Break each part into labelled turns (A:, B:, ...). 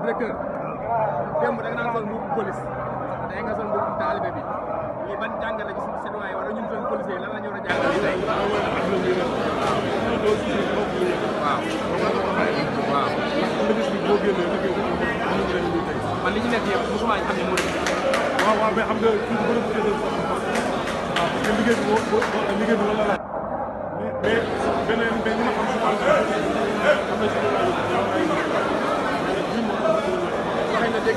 A: directeur démb da nga naan sol mbubu police tey nga sol mbubu taalibe bi lii ban jàngal la ci citoyen yi wala ñun seen policier lan la ñu war a jàngal lii tey. waaw waaw. ministre bi boo génnee liggéey man li ñu nekk yëpp mosuma ñu xam ne moo di. waaw waaw mais xam nga kii bu bëri bu waaw parce que liggéey bi boo liggéey bi la laaj. mais mais beneen bi ñu xam si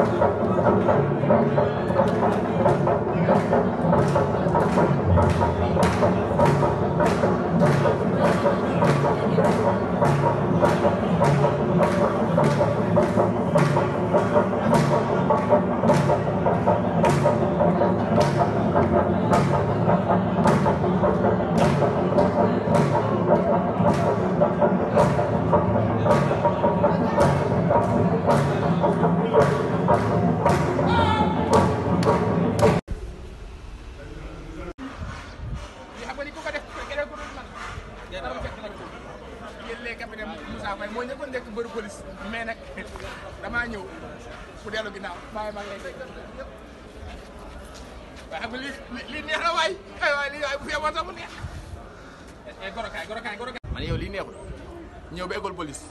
A: Thank you. Moussa Faye moo ñëkkoon nekk mbëru police mais nag damaa ñëw bu dellu ginnaaw bàyyi ma ngay waaye xam nga lii lii neex na waay ay waay lii waay bu feebar sax mu neex eh, eh, gorokaay gorokaay gorokaay man yow lii neexul ñëw ba école police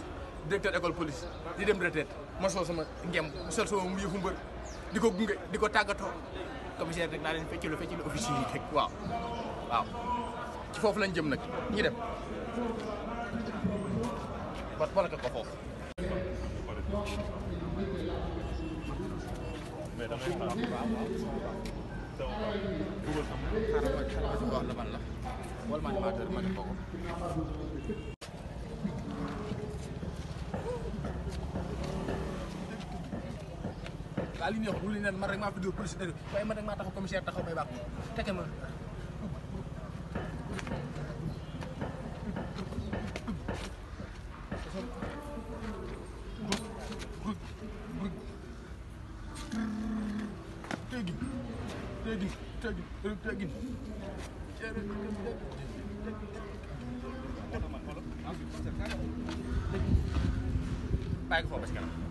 A: directeur école police di dem retraite ma sol sama ngem ma sol sama mu yëfu mbër di ko gunge di ko tàggatoo commissaire rek naa leen feccilu feccilu officier yi rek waaw waaw ci foofu lañ jëm nag ñu dem పట్టుకోలేక కోసం wala maa ngi maa tër maa ngi bokk waaw li ñu wax lu leen man rek maa fi dóor police dëgg waaye man rek maa taxaw commissaire taxaw may baax teke ma teggin teggin teggin teggin bàyyi ko foofu ba ci kanam